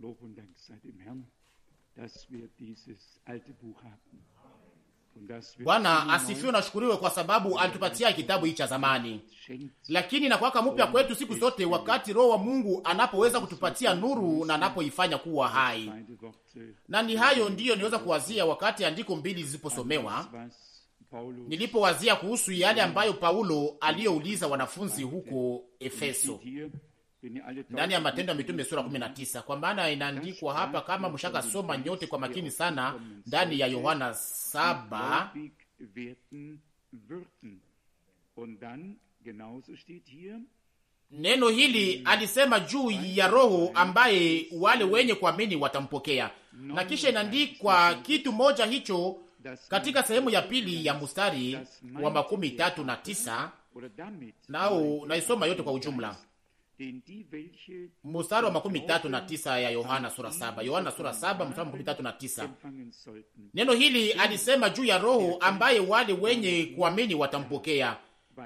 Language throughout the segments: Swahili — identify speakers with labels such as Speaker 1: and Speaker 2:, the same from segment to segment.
Speaker 1: Lob und Dank sei dem Herrn, dass wir dieses alte Buch haben.
Speaker 2: Bwana asifiwe na shukuriwe, kwa sababu alitupatia kitabu hichi cha zamani, lakini na kuwaka mupya kwetu siku zote, wakati Roho wa Mungu anapoweza kutupatia nuru na anapoifanya kuwa hai. Na ni hayo ndiyo niweza kuwazia wakati andiko mbili ziliposomewa, nilipowazia kuhusu yale ambayo Paulo aliyouliza wanafunzi huko Efeso
Speaker 1: ndani ya Matendo
Speaker 2: ya Mitume sura 19, kwa maana inaandikwa hapa, kama mshakasoma nyote kwa makini sana, ndani ya Yohana 7 neno hili alisema juu ya Roho ambaye wale wenye kuamini watampokea, na kisha inaandikwa kitu moja hicho katika sehemu ya pili ya mstari wa makumi tatu na tisa nao naisoma yote kwa ujumla mstari wa makumi tatu na tisa ya Yohana sura saba. Yohana sura saba mstari wa makumi tatu na tisa. Neno hili alisema juu ya Roho ambaye wale wenye kuamini watampokea,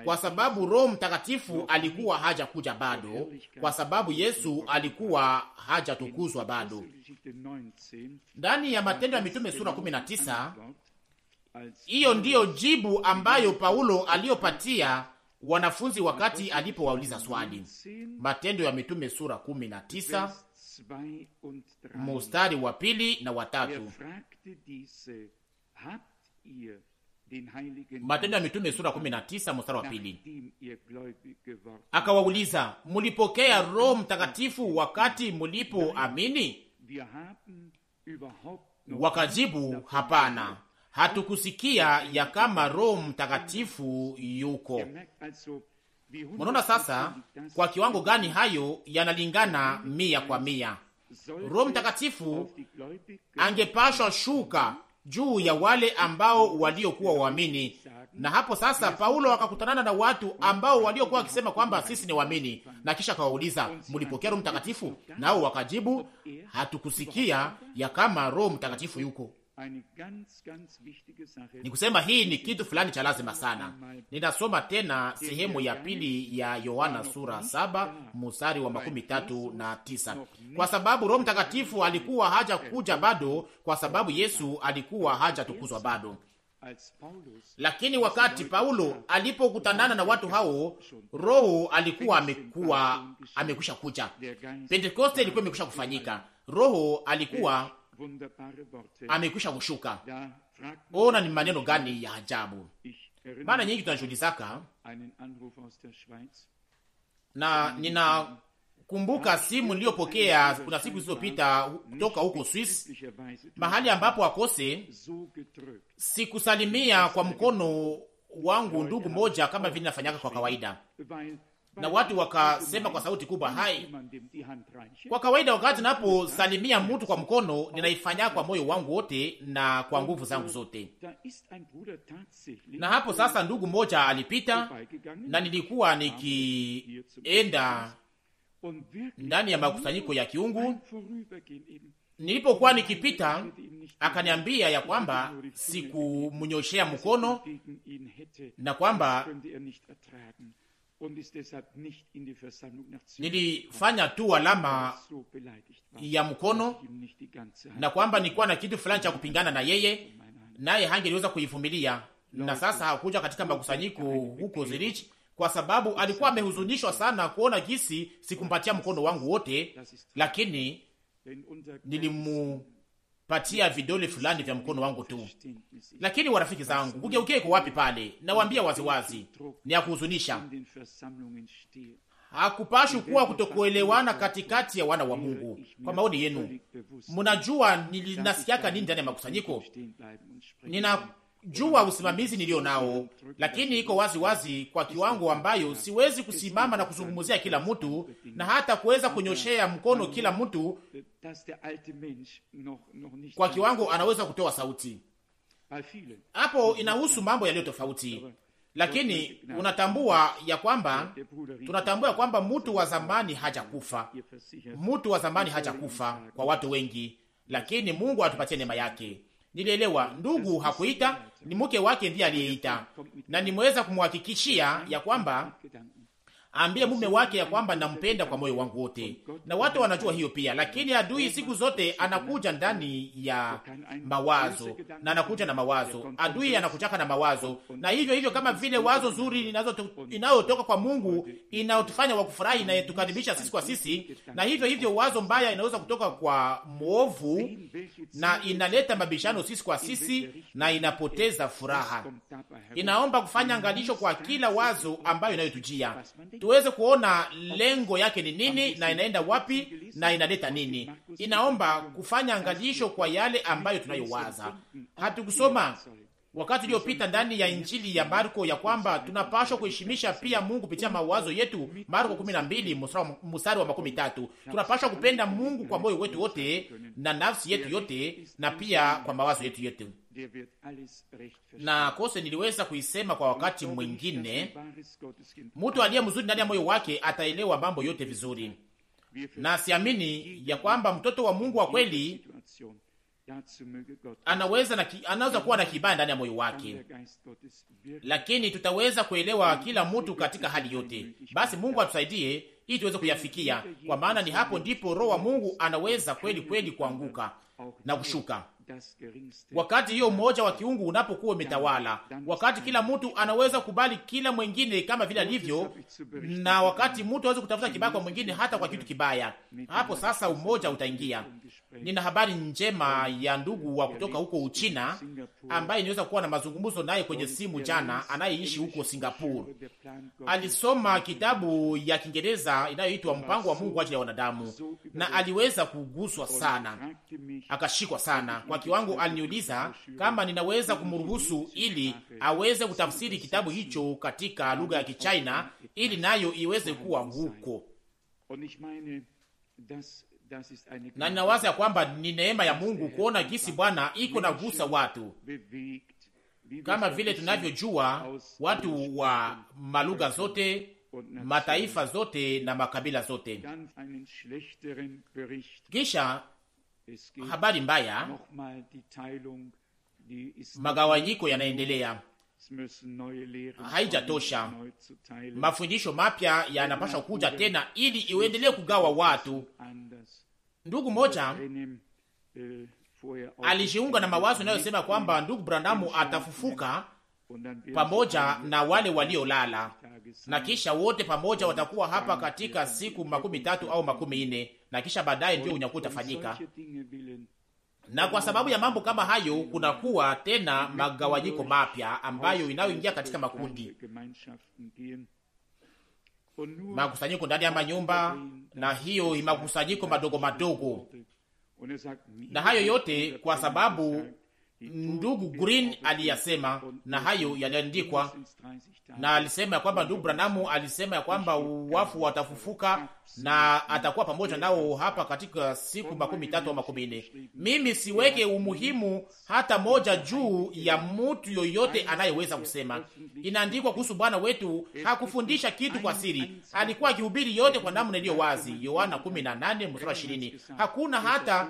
Speaker 2: kwa sababu Roho Mtakatifu alikuwa hajakuja bado, kwa sababu Yesu alikuwa hajatukuzwa bado. Ndani ya Matendo ya Mitume sura 19 hiyo ndiyo jibu ambayo Paulo aliyopatia wanafunzi wakati alipowauliza swali. Matendo ya Mitume sura kumi na tisa
Speaker 1: mustari
Speaker 2: wa pili na watatu. Er Matendo ya Mitume sura kumi na tisa mstari wa pili. Akawauliza, mulipokea Roho Mtakatifu wakati mulipoamini? Wakajibu, hapana hatukusikia ya kama Roho Mtakatifu yuko.
Speaker 1: Mnaona sasa
Speaker 2: kwa kiwango gani hayo yanalingana mia kwa mia. Roho Mtakatifu angepashwa shuka juu ya wale ambao waliokuwa waamini, na hapo sasa Paulo akakutanana na watu ambao waliokuwa wakisema kwamba sisi ni waamini, na kisha akawauliza mulipokea Roho Mtakatifu? Nao wakajibu hatukusikia ya kama Roho Mtakatifu yuko. Ni kusema hii ni kitu fulani cha lazima sana. Ninasoma tena sehemu ya pili ya Yohana sura saba mstari wa makumi tatu na tisa kwa sababu Roho Mtakatifu alikuwa haja kuja bado, kwa sababu Yesu alikuwa haja tukuzwa bado. Lakini wakati Paulo alipokutanana na watu hao, Roho alikuwa amekuwa amekwisha kuja. Pentekoste ilikuwa imekwisha kufanyika. Roho alikuwa amekwisha kushuka. Ona ni maneno gani ya ajabu! mana nyingi tunashughulizaka na ninakumbuka simu niliyopokea kuna siku zilizopita kutoka huko Swiss, mahali ambapo akose sikusalimia kwa mkono wangu ndugu moja kama vile nafanyaka kwa kawaida, na watu wakasema kwa sauti kubwa hai. Kwa kawaida, wakati naposalimia mtu kwa mkono, ninaifanya kwa moyo wangu wote na kwa nguvu zangu zote.
Speaker 1: Na hapo sasa,
Speaker 2: ndugu mmoja alipita na nilikuwa nikienda ndani ya makusanyiko ya kiungu. Nilipokuwa nikipita, akaniambia ya kwamba sikumnyoshea mkono
Speaker 1: na kwamba nilifanya tu alama ya mkono, na
Speaker 2: kwamba nilikuwa na kitu fulani cha kupingana na yeye, naye hangeliweza kuivumilia. Na sasa hakuja katika makusanyiko huko Zurich kwa sababu alikuwa amehuzunishwa sana kuona jinsi sikumpatia mkono wangu wote, lakini nilimu patia vidole fulani vya mkono wangu tu. Lakini warafiki zangu, kugeukia iko wapi pale? Nawaambia waziwazi, ni ya kuhuzunisha. Hakupashi kuwa kutokuelewana katikati ya wana wa Mungu. Kwa maoni yenu, mnajua nilinasikiaka nini ndani ya makusanyiko? Nina jua usimamizi nilio nao, lakini iko wazi wazi kwa kiwango ambayo siwezi kusimama na kuzungumzia kila mtu na hata kuweza kunyoshea mkono kila mtu kwa kiwango anaweza kutoa sauti. Hapo inahusu mambo yaliyo tofauti, lakini unatambua ya kwamba tunatambua ya kwamba mtu wa zamani hajakufa, mtu wa zamani hajakufa kwa watu wengi, lakini Mungu atupatie neema yake. Nilielewa ndugu hakuita ni mke wake ndiye aliyeita, na nimeweza kumhakikishia ya kwamba ambie mume wake ya kwamba nampenda kwa moyo wangu wote, na watu wanajua hiyo pia. Lakini adui siku zote anakuja ndani ya mawazo na anakuja na mawazo, adui anakuchaka na mawazo, na hivyo hivyo, kama vile wazo zuri inayotoka kwa Mungu inayotufanya wa kufurahi na yetukaribisha sisi kwa sisi, na hivyo hivyo, wazo mbaya inaweza kutoka kwa mwovu na inaleta mabishano sisi kwa sisi na inapoteza furaha. Inaomba kufanya angalisho kwa kila wazo ambayo inayotujia tuweze kuona lengo yake ni nini na inaenda wapi na inaleta nini. Inaomba kufanya angalisho kwa yale ambayo tunayowaza. Hatukusoma wakati uliopita ndani ya Injili ya Marko ya kwamba tunapashwa kuheshimisha pia Mungu kupitia mawazo yetu. Marko 12 mstari wa makumi tatu. Tunapashwa kupenda Mungu kwa moyo wetu wote na nafsi yetu yote na pia kwa mawazo yetu yote na kose niliweza kuisema kwa wakati mwingine, mtu aliye mzuri ndani ya moyo wake ataelewa mambo yote vizuri, na siamini ya kwamba mtoto wa Mungu wa kweli anaweza na, anaweza kuwa na kibaya ndani ya moyo wake, lakini tutaweza kuelewa kila mtu katika hali yote. Basi Mungu atusaidie ili tuweze kuyafikia, kwa maana ni hapo ndipo Roho wa Mungu anaweza kweli kweli kuanguka na kushuka Wakati hiyo mmoja wa kiungu unapokuwa umetawala, wakati kila mtu anaweza kubali kila mwingine kama vile alivyo, na wakati mtu aweze kutafuta kibaya kwa mwingine, hata kwa kitu kibaya, hapo sasa umoja utaingia. Nina habari njema ya ndugu wa kutoka huko Uchina ambaye niweza kuwa na mazungumzo naye kwenye simu jana, anayeishi huko Singapore. Alisoma kitabu ya Kiingereza inayoitwa Mpango wa Mungu kwa ajili ya Wanadamu, na aliweza kuguswa sana, akashikwa sana kwa mwanamke wangu aliniuliza kama ninaweza kumruhusu ili aweze kutafsiri kitabu hicho katika lugha ya Kichina ili nayo iweze kuwa huko, na ninawaza ya kwamba ni neema ya Mungu kuona jinsi Bwana iko na gusa watu kama vile tunavyojua watu wa malugha zote
Speaker 1: mataifa
Speaker 2: zote na makabila zote. Kisha habari mbaya, magawanyiko yanaendelea, haijatosha. Mafundisho mapya yanapasha kuja tena, ili iendelee kugawa watu. Ndugu moja äh, alijiunga na mawazo inayosema kwamba ndugu Brandamu atafufuka
Speaker 1: pamoja na
Speaker 2: wale waliolala, na kisha wote pamoja watakuwa hapa katika siku makumi tatu au makumi nne na kisha baadaye ndio unyakuo utafanyika. Na kwa sababu ya mambo kama hayo, kunakuwa tena magawanyiko mapya ambayo inayoingia katika makundi, makusanyiko ndani ya manyumba, na hiyo makusanyiko madogo madogo, na hayo yote kwa sababu ndugu Green aliyasema, na hayo yaliandikwa, na alisema ya kwamba ndugu Branamu alisema ya kwamba wafu watafufuka na atakuwa pamoja nao hapa katika siku makumi tatu au makumi nne. Mimi siweke umuhimu hata moja juu ya mtu yoyote anayeweza kusema. Inaandikwa kuhusu Bwana wetu, hakufundisha kitu kwa siri, alikuwa akihubiri yote kwa namna iliyo wazi, Yohana 18 mstari 20. Hakuna hata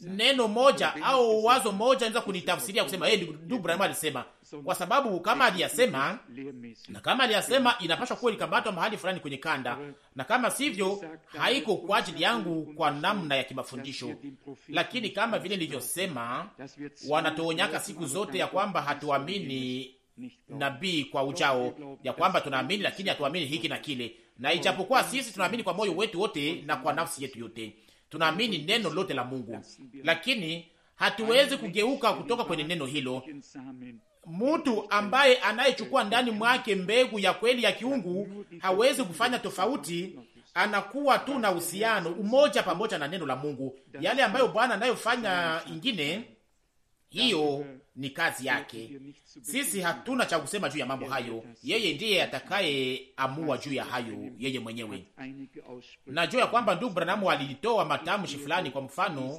Speaker 2: neno moja au wazo moja naweza kunitafsiria kusema hey, ndugu Branham alisema kwa sababu kama aliyasema na kama aliyasema inapaswa kuwa likabatwa mahali fulani kwenye kanda, na kama sivyo haiko kwa ajili yangu kwa namna ya kimafundisho. Lakini kama vile nilivyosema, wanatuonyaka siku zote ya kwamba hatuamini nabii kwa ujao, ya kwamba tunaamini lakini hatuamini hiki na kile, na ijapokuwa sisi tunaamini kwa moyo wetu wote na kwa nafsi yetu yote, tunaamini neno lote la Mungu, lakini hatuwezi kugeuka kutoka kwenye neno hilo mtu ambaye anayechukua ndani mwake mbegu ya kweli ya kiungu hawezi kufanya tofauti, anakuwa tu na uhusiano umoja pamoja na neno la Mungu. Yale ambayo Bwana anayofanya ingine, hiyo ni kazi yake. Sisi hatuna cha kusema juu ya mambo hayo, yeye ndiye atakaye amua juu ya hayo yeye mwenyewe. Najua ya kwamba ndugu Branham alitoa matamshi fulani, kwa mfano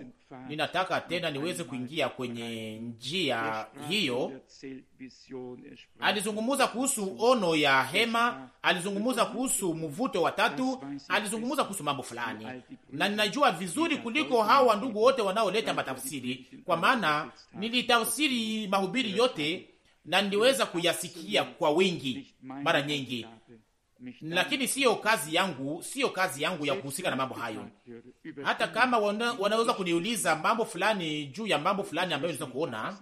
Speaker 2: ninataka tena niweze kuingia kwenye njia hiyo. Alizungumuza kuhusu ono ya hema, alizungumuza kuhusu mvuto wa tatu, alizungumuza kuhusu mambo fulani, na ninajua vizuri kuliko hawa ndugu wote wanaoleta matafsiri, kwa maana nilitafsiri mahubiri yote na niliweza kuyasikia kwa wingi mara nyingi, lakini siyo kazi yangu, siyo kazi yangu ya kuhusika na mambo hayo. Hata kama wana, wanaweza kuniuliza mambo fulani juu ya mambo fulani ambayo niweza kuona,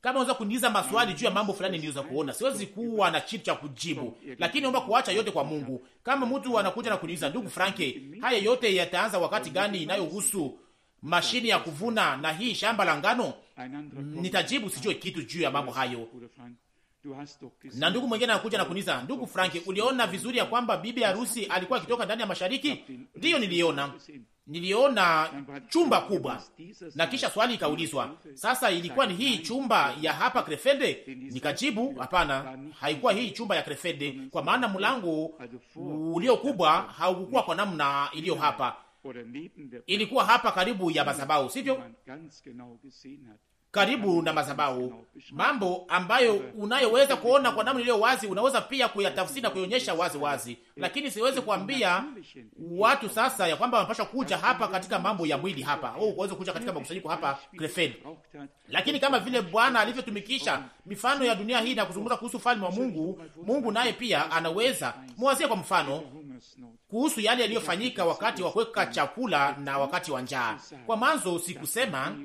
Speaker 2: kama wanaweza kuniuliza maswali juu ya mambo fulani niweza kuona, siwezi kuwa na kitu cha kujibu, lakini naomba kuacha yote kwa Mungu. Kama mtu anakuja na kuniuliza, ndugu Franke, haya yote yataanza wakati gani inayohusu mashini ya kuvuna na hii shamba la ngano, nitajibu sijue kitu juu ya mambo hayo na ndugu mwingine anakuja na kuniza, ndugu Franki, uliona vizuri ya kwamba bibi harusi alikuwa akitoka ndani ya mashariki? Ndiyo, niliona niliona chumba kubwa, na kisha swali ikaulizwa, sasa ilikuwa ni hii chumba ya hapa Krefede? Nikajibu hapana, haikuwa hii chumba ya Krefede, kwa maana mlango ulio kubwa haukukuwa kwa namna iliyo hapa, ilikuwa hapa karibu ya madhabahu, sivyo? karibu na madhabahu, mambo ambayo unayoweza kuona kwa namna iliyo wazi, unaweza pia kuyatafsiri na kuionyesha wazi wazi, lakini siwezi kuambia watu sasa ya kwamba wanapaswa kuja hapa katika mambo ya mwili hapa au waweze kuja katika makusanyiko hapa Krefeld. Lakini kama vile Bwana alivyotumikisha mifano ya dunia hii na kuzungumza kuhusu falme wa Mungu, Mungu naye pia anaweza mwazie kwa mfano kuhusu yale yaliyofanyika wakati wa kuweka chakula na wakati wa njaa. Kwa mwanzo sikusema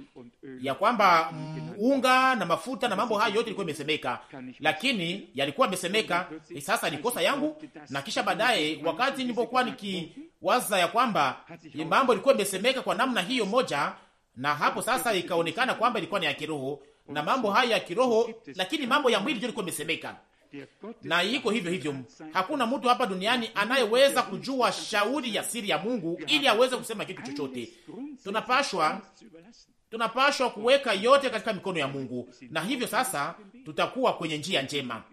Speaker 2: ya kwamba unga na mafuta na mambo hayo yote ilikuwa imesemeka, lakini yalikuwa imesemeka. Eh, sasa ni kosa yangu. Na kisha baadaye, wakati nilipokuwa nikiwaza ya kwamba mambo ilikuwa imesemeka kwa namna hiyo moja, na hapo sasa ikaonekana kwamba ilikuwa ni ya kiroho na mambo haya ya kiroho, lakini mambo ya mwili ndio ilikuwa imesemeka na iko hivyo hivyo. Hakuna mtu hapa duniani anayeweza kujua shauri ya siri ya Mungu ili aweze kusema kitu chochote. Tunapashwa tunapashwa kuweka yote katika mikono ya Mungu, na hivyo sasa tutakuwa kwenye njia njema.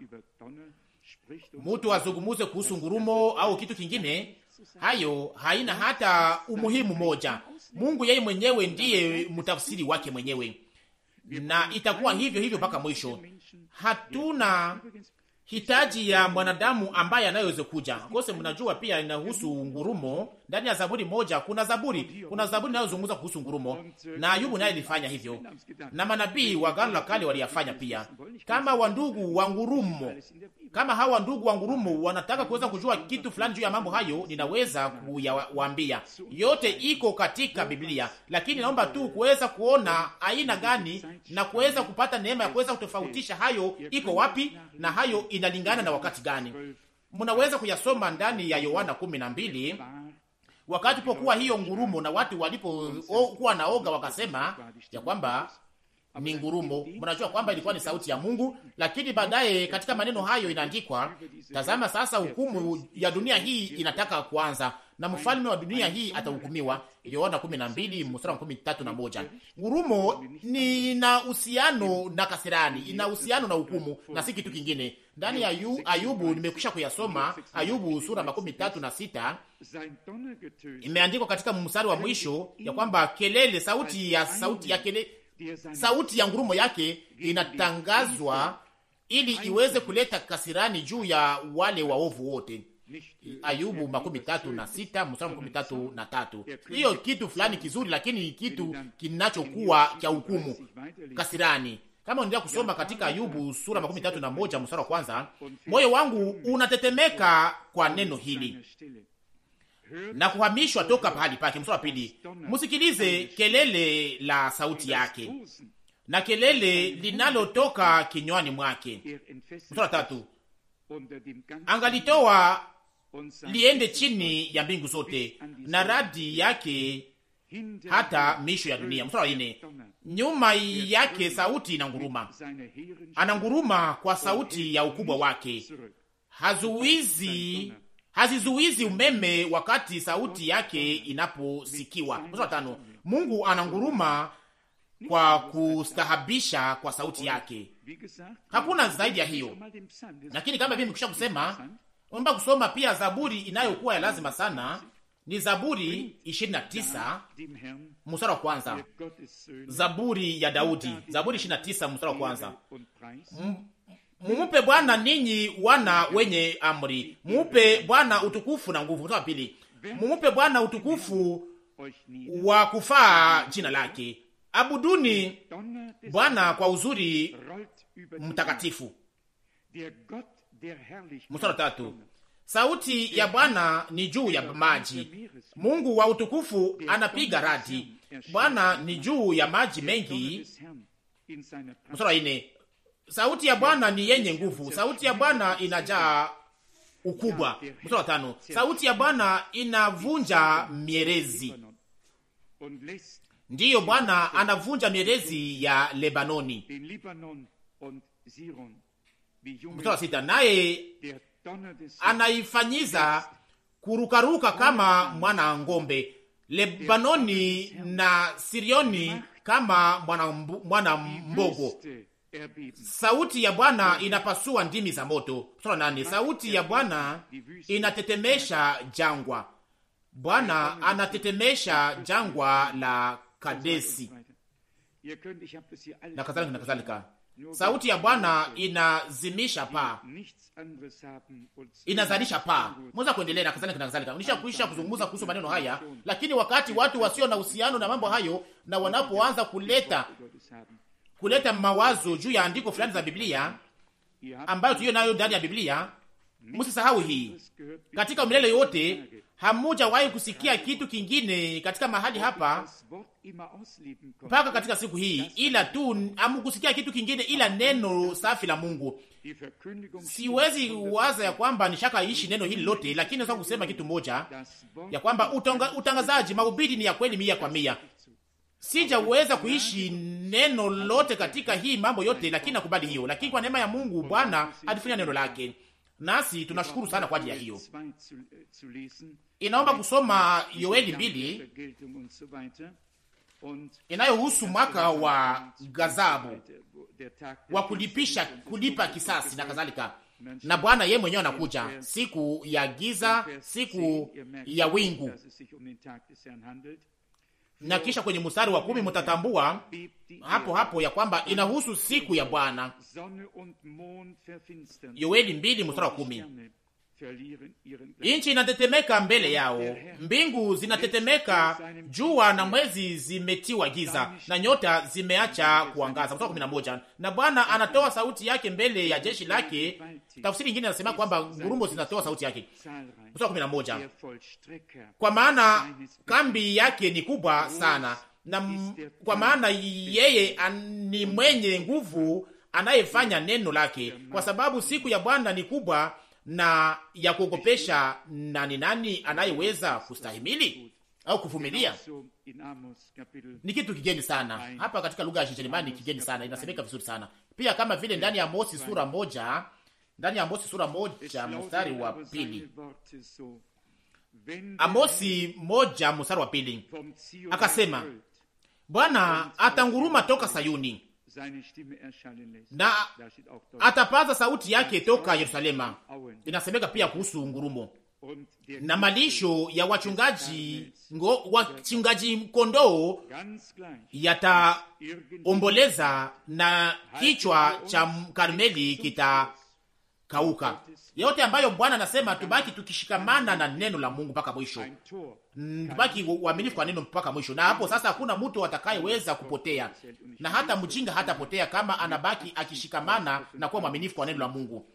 Speaker 2: Mtu azungumuze kuhusu ngurumo au kitu kingine, hayo haina hata umuhimu moja. Mungu yeye mwenyewe ndiye mtafsiri wake mwenyewe, na itakuwa hivyo hivyo mpaka mwisho. Hatuna hitaji ya mwanadamu ambaye anayeweza kuja kose. Mnajua pia inahusu ngurumo ndani ya Zaburi moja. Kuna zaburi, kuna zaburi inayozungumza kuhusu ngurumo, na Ayubu naye alifanya hivyo, na manabii wa Agano la Kale waliyafanya pia. Kama wandugu wa ngurumo, kama hawa ndugu wa ngurumo wanataka kuweza kujua kitu fulani juu ya mambo hayo, ninaweza kuyawaambia yote, iko katika Biblia, lakini naomba tu kuweza kuona aina gani na kuweza kupata neema ya kuweza kutofautisha hayo iko wapi na hayo inalingana na wakati gani? Mnaweza kuyasoma ndani ya Yohana kumi na mbili wakati pokuwa hiyo ngurumo na watu walipokuwa naoga wakasema ya kwamba ni ngurumo. Mnajua kwamba ilikuwa ni sauti ya Mungu, lakini baadaye katika maneno hayo inaandikwa, tazama sasa hukumu ya dunia hii inataka kuanza na mfalme wa dunia hii atahukumiwa. Yohana 12 mstari wa 13 na moja. Ngurumo ni na uhusiano na kasirani, ina uhusiano na hukumu na si kitu kingine ndani ya yu, Ayubu nimekwisha kuyasoma. Ayubu sura makumi tatu na sita imeandikwa katika mstari wa mwisho ya kwamba kelele sauti ya sauti ya kele, sauti ya ngurumo yake inatangazwa ili iweze kuleta kasirani juu ya wale waovu wote. Ayubu makumi tatu na sita mstari makumi tatu na tatu. Hiyo kitu fulani kizuri, lakini kitu kinachokuwa cha hukumu kasirani kama unaendelea kusoma katika Ayubu sura makumi tatu na moja mstari wa kwanza, moyo wangu unatetemeka kwa neno hili na kuhamishwa toka pahali pake. Mstari wa pili, msikilize kelele la sauti yake na kelele linalotoka kinywani mwake. Mstari wa tatu, angalitoa liende chini ya mbingu zote na radi yake hata miisho ya dunia. Mstari wa nyuma yake sauti inanguruma, ananguruma kwa sauti ya ukubwa wake, hazuizi hazizuizi umeme wakati sauti yake inaposikiwa. Mstari wa tano, Mungu ananguruma kwa kustahabisha kwa sauti yake. Hakuna zaidi ya hiyo, lakini kama vile nikusha kusema, omba kusoma pia Zaburi inayokuwa ya lazima sana ni Zaburi 29 mstari wa kwanza. Zaburi ya Daudi, Zaburi 29 mstari wa kwanza. Mumupe Bwana ninyi wana wenye amri, mumupe Bwana utukufu na nguvu. Mstari wa pili, mumupe Bwana utukufu wa kufaa jina lake, abuduni Bwana kwa uzuri mtakatifu. Mstari wa tatu Sauti ya Bwana ni juu ya maji, Mungu wa utukufu anapiga radi. Bwana ni juu ya maji mengi. Msura ine. Sauti ya Bwana ni yenye nguvu, sauti ya Bwana inajaa ukubwa. Msura tano. Sauti ya Bwana inavunja mierezi. Ndiyo, Bwana anavunja mierezi ya Lebanoni.
Speaker 1: Msura sita. Naye
Speaker 2: anaifanyiza kurukaruka kama mwana ng'ombe, Lebanoni na Sirioni kama mwana, mbu, mwana mbogo. Sauti ya Bwana inapasua ndimi za moto. Sura nane. Sauti ya Bwana inatetemesha jangwa. Bwana anatetemesha jangwa la Kadesi
Speaker 1: na kadhalika na kadhalika. Sauti ya Bwana
Speaker 2: inazimisha paa, inazalisha paa. Mweza kuendelea na kadhalika na kadhalika. Nisha kuisha kuzungumza kuhusu maneno haya, lakini wakati watu wasio na uhusiano na mambo hayo na wanapoanza kuleta kuleta mawazo juu ya andiko fulani za Biblia ambayo tuliyo nayo ndani ya Biblia, msisahau hii katika milele yote hamujawahi kusikia kitu kingine katika mahali hapa mpaka katika siku hii, ila tu hamukusikia kitu kingine ila neno safi la Mungu. Siwezi waza ya kwamba nishaka ishi neno hili lote, lakini naweza kusema kitu moja ya kwamba utanga, utangazaji mahubiri ni ya kweli mia kwa mia. Sijaweza kuishi neno lote katika hii mambo yote, lakini nakubali hiyo. Lakini kwa neema ya Mungu Bwana alifunya neno lake, nasi tunashukuru sana kwa ajili ya hiyo inaomba kusoma Yoeli mbili inayohusu mwaka wa gazabu wa kulipisha kulipa kisasi na kadhalika. Na Bwana yeye mwenyewe anakuja, siku ya giza, siku
Speaker 1: ya wingu.
Speaker 2: Na kisha kwenye mstari wa kumi mtatambua hapo hapo ya kwamba inahusu siku ya Bwana. Yoeli mbili mstari wa kumi Inchi inatetemeka mbele yao, mbingu zinatetemeka, jua na mwezi zimetiwa giza na nyota zimeacha kuangaza. Kutoka kumi na moja. Na Bwana anatoa sauti yake mbele ya jeshi lake. Tafsiri nyingine inasema kwamba ngurumo zinatoa sauti yake. Kutoka kumi na moja. Kwa maana kambi yake ni kubwa sana na kwa maana yeye ni mwenye nguvu anayefanya neno lake, kwa sababu siku ya Bwana ni kubwa na ya kuogopesha, Nani nani anayeweza kustahimili au kuvumilia? Ni kitu kigeni sana hapa katika lugha ya Kijerumani, kigeni sana, inasemeka vizuri sana pia, kama vile ndani ya Mosi sura moja, ndani ya Mosi sura moja mstari wa pili Amosi moja mstari wa pili akasema, Bwana atanguruma toka Sayuni na atapaza sauti yake toka Yerusalema. Inasemeka pia kuhusu ngurumo na malisho ya wachungaji ngo, wachungaji kondoo
Speaker 1: yataomboleza
Speaker 2: na kichwa cha Karmeli kita kauka. Yote ambayo Bwana anasema tubaki tukishikamana na neno la Mungu mpaka mwisho, tubaki uaminifu kwa neno mpaka mwisho, na hapo sasa hakuna mtu atakayeweza kupotea, na hata mjinga hatapotea kama anabaki akishikamana na kuwa mwaminifu kwa neno la Mungu.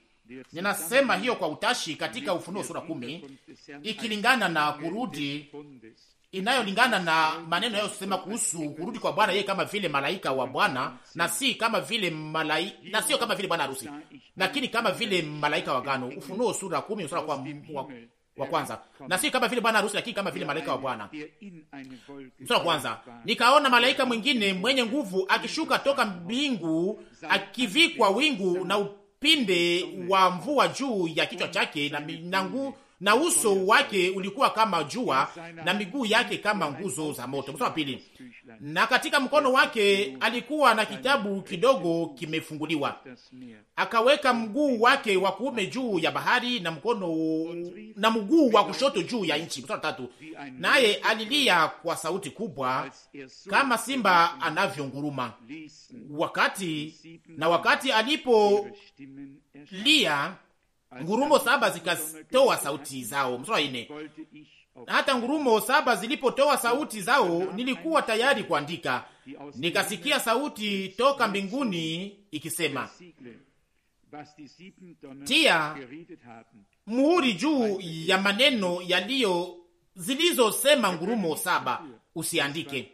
Speaker 2: Ninasema hiyo kwa utashi katika Ufunuo sura kumi, ikilingana na kurudi inayolingana na maneno yayosema kuhusu kurudi kwa Bwana, yeye kama vile malaika wa Bwana na si kama vile malai, na sio kama vile bwana harusi, lakini kama vile malaika wa gano. Ufunuo sura kumi mstari kwa wa, wa kwanza, na si kama vile bwana harusi, lakini kama vile malaika wa Bwana. Mstari wa kwanza, nikaona malaika mwingine mwenye nguvu akishuka toka mbingu akivikwa wingu na upinde wa mvua juu ya kichwa chake na, na, na uso wake ulikuwa kama jua na miguu yake kama nguzo za moto. Mstari wa pili, na katika mkono wake alikuwa na kitabu kidogo kimefunguliwa, akaweka mguu wake wa kuume juu ya bahari na mkono na mguu wa kushoto juu ya nchi. Mstari wa tatu, naye alilia kwa sauti kubwa kama simba anavyonguruma wakati na wakati
Speaker 1: alipolia
Speaker 2: ngurumo saba zikatoa sauti zao. Mstari wa hata ngurumo saba zilipotoa sauti zao, nilikuwa tayari kuandika, nikasikia sauti toka mbinguni ikisema, tia muhuri juu ya maneno yaliyo zilizosema ngurumo saba, usiandike.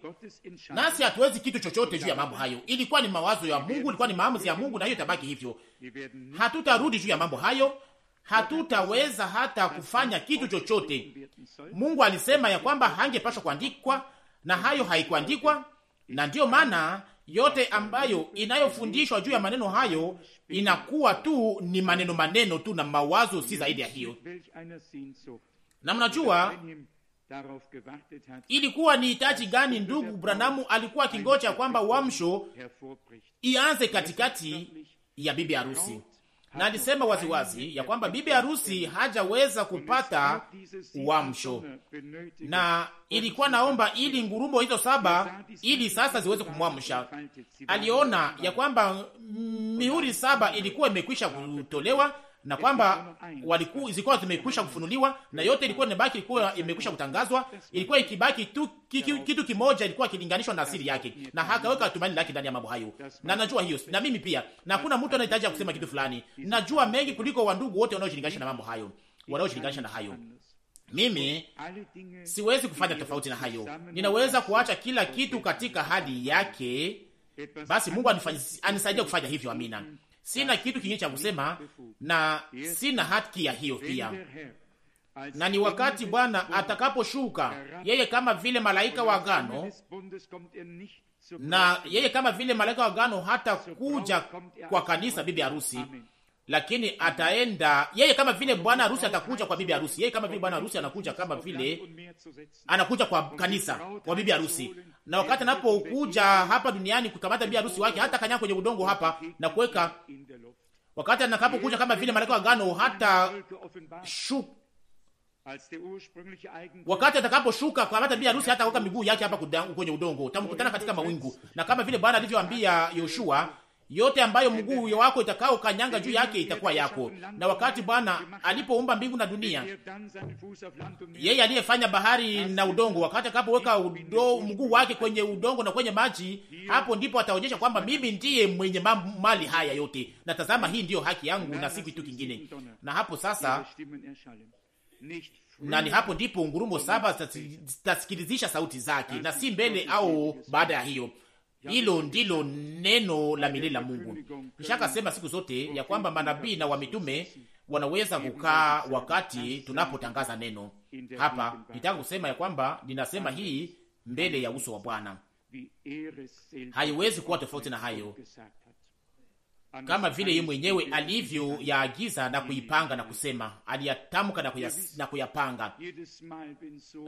Speaker 2: Nasi hatuwezi kitu chochote juu ya mambo hayo. Ilikuwa ni mawazo ya Mungu, ilikuwa ni maamuzi ya Mungu, na hiyo itabaki hivyo. Hatutarudi juu ya mambo hayo, hatutaweza hata kufanya kitu chochote. Mungu alisema ya kwamba hangepashwa kuandikwa, na hayo haikuandikwa, na ndiyo maana yote ambayo inayofundishwa juu ya maneno hayo inakuwa tu ni maneno maneno tu na mawazo, si zaidi ya hiyo. Na mnajua Ilikuwa ni hitaji gani ndugu Branamu alikuwa akingoja kwamba uamsho ianze er katikati ya bibi harusi? Na alisema waziwazi ya kwamba bibi harusi hajaweza kupata
Speaker 1: uamsho,
Speaker 2: na ilikuwa naomba ili ngurumo hizo saba er ili sasa ziweze kumwamsha. Aliona ya kwamba mihuri saba ilikuwa imekwisha kutolewa na kwamba walikuwa zilikuwa zimekwisha kufunuliwa na yote ilikuwa inabaki, ilikuwa imekwisha kutangazwa. Ilikuwa ikibaki tu kitu kimoja, ilikuwa kilinganishwa na asili yake, na hakaweka tumaini lake ndani ya mambo hayo, na najua hiyo, na mimi pia, na kuna mtu anahitaji kusema kitu fulani. Najua mengi kuliko wandugu wote wanaojilinganisha na mambo hayo, wanaojilinganisha na hayo. Mimi siwezi kufanya tofauti na hayo, ninaweza kuacha kila kitu katika hali yake. Basi Mungu anisaidie kufanya hivyo. Amina. Sina kitu kingine cha kusema na sina haki ya hiyo pia. Na ni wakati Bwana atakaposhuka yeye kama vile malaika wa agano, na yeye kama vile malaika wa agano hata kuja kwa kanisa bibi harusi lakini ataenda yeye kama vile bwana harusi atakuja kwa bibi harusi. Yeye kama vile bwana harusi anakuja, kama vile anakuja kwa kanisa kwa bibi harusi. Na wakati anapokuja hapa duniani kukamata bibi harusi wake, hata kanyaga kwenye udongo hapa na kuweka, wakati anakapokuja kama vile malaika wa agano, hata shu wakati atakaposhuka kukamata bibi harusi, hata kuweka miguu yake hapa kwenye udongo, utamkutana katika mawingu, na kama vile Bwana alivyoambia Yoshua yote ambayo mguu wako itakao kanyanga juu yake itakuwa yako. Na wakati Bwana alipoumba mbingu na dunia, yeye aliyefanya bahari na udongo, wakati akapoweka mguu wake kwenye udongo na kwenye maji, hapo ndipo ataonyesha kwamba mimi ndiye mwenye mali haya yote, na tazama, hii ndiyo haki yangu na si kitu kingine. Na hapo sasa na ni hapo ndipo ngurumo saba zitasikilizisha sauti zake, na si mbele au baada ya hiyo. Hilo ndilo neno la milele la Mungu. Nishakasema siku zote ya kwamba manabii na wamitume wanaweza kukaa wakati tunapotangaza neno hapa. Nitaka kusema ya kwamba ninasema hii mbele ya uso wa Bwana, haiwezi kuwa tofauti na hayo, kama vile yeye mwenyewe alivyo yaagiza na kuipanga na kusema, aliyatamka na, kuyas, na kuyapanga,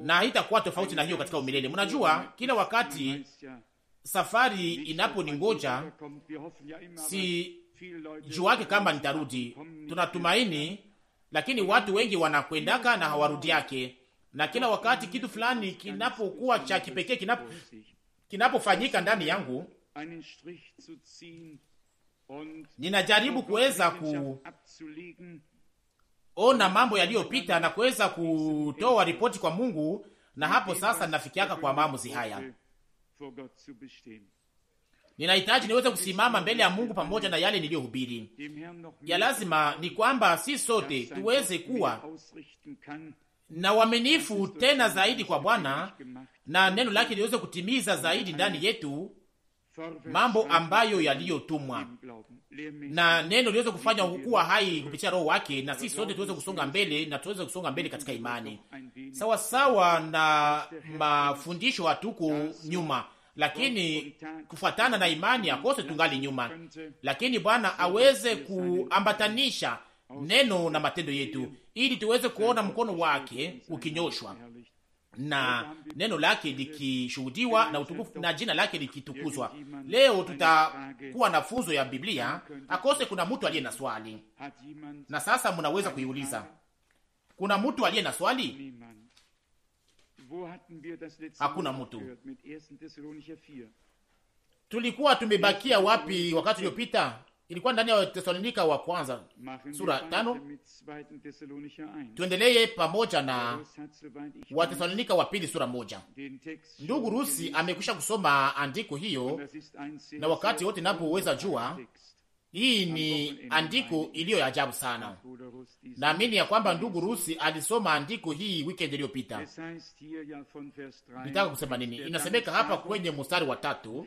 Speaker 2: na haitakuwa tofauti na hiyo katika umilele. Mnajua kila wakati safari inaponingoja, si juwake kama nitarudi. Tunatumaini, lakini watu wengi wanakwendaka na hawarudi yake, na kila wakati kitu fulani kinapokuwa cha kipekee kinapo kinapofanyika ndani yangu, ninajaribu kuweza kuona mambo yaliyopita na kuweza kutoa ripoti kwa Mungu, na hapo sasa ninafikiaka kwa maamuzi haya Ninahitaji niweze kusimama mbele ya Mungu pamoja na yale niliyohubiri. Ya lazima ni kwamba si sote tuweze kuwa er na uaminifu tena zaidi kwa Bwana na neno lake liweze kutimiza zaidi ndani yetu mambo ambayo yaliyotumwa na neno liweze kufanya kuwa hai kupitia Roho wake, na sisi sote tuweze kusonga mbele na tuweze kusonga mbele katika imani sawa sawa na mafundisho. Hatuko nyuma, lakini kufuatana na imani akose tungali nyuma, lakini Bwana aweze kuambatanisha neno na matendo yetu, ili tuweze kuona mkono wake ukinyoshwa na neno lake likishuhudiwa na utukufu na jina lake likitukuzwa. Leo tutakuwa na funzo ya Biblia akose. Kuna mtu aliye na swali, na sasa mnaweza kuiuliza, kuna mtu aliye na swali?
Speaker 1: Hakuna mtu.
Speaker 2: Tulikuwa tumebakia wapi wakati uliopita? ilikuwa ndani ya Tesalonika wa kwanza sura tano. Tuendelee pamoja na wa Tesalonika wa pili sura moja. Ndugu Rusi amekwisha kusoma andiko hiyo, na wakati wote napoweza jua, hii ni andiko iliyo ya ajabu sana. Naamini ya kwamba ndugu Rusi alisoma andiko hii weekend iliyopita. Nitaka kusema nini? Inasemeka hapa kwenye mstari wa tatu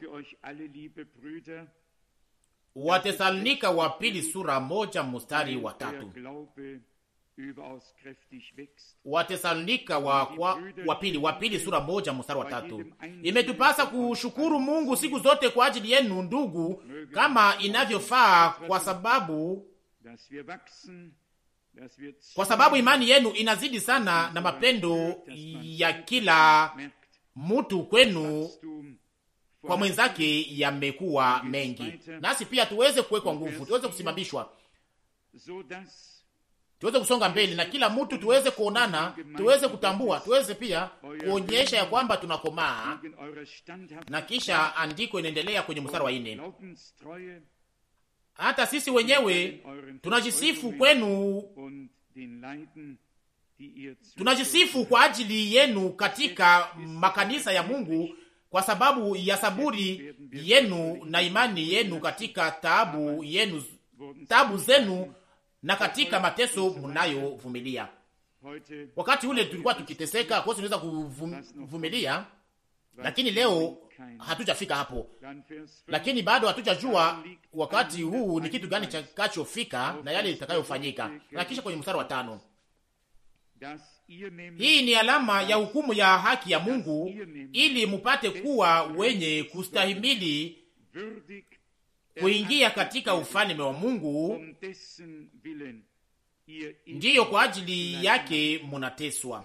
Speaker 2: Watesalonika wa pili sura moja mustari wa tatu. Watesalonika wa, wa pili wa pili sura moja mstari wa tatu. Imetupasa kushukuru Mungu siku zote kwa ajili yenu ndugu, kama inavyofaa, kwa sababu
Speaker 1: kwa sababu imani yenu
Speaker 2: inazidi sana na mapendo ya kila mtu kwenu kwa mwenzake yamekuwa mengi, nasi pia tuweze kuwekwa nguvu, tuweze kusimamishwa, tuweze kusonga mbele, na kila mtu tuweze kuonana, tuweze kutambua, tuweze pia kuonyesha ya kwamba tunakomaa. Na kisha andiko inaendelea kwenye mstari wa nne hata sisi wenyewe tunajisifu kwenu, tunajisifu kwa ajili yenu katika makanisa ya Mungu kwa sababu ya saburi yenu na imani yenu katika taabu yenu, taabu zenu na katika mateso mnayovumilia. Wakati ule tulikuwa tukiteseka kosi, tunaweza kuvumilia, lakini leo hatujafika hapo, lakini bado hatujajua wakati huu ni kitu gani chakachofika na yale itakayofanyika. Na kisha kwenye mstari wa tano hii ni alama ya hukumu ya haki ya Mungu, ili mupate kuwa wenye kustahimili kuingia katika ufalme wa Mungu. Um Ndiyo kwa ajili yake munateswa.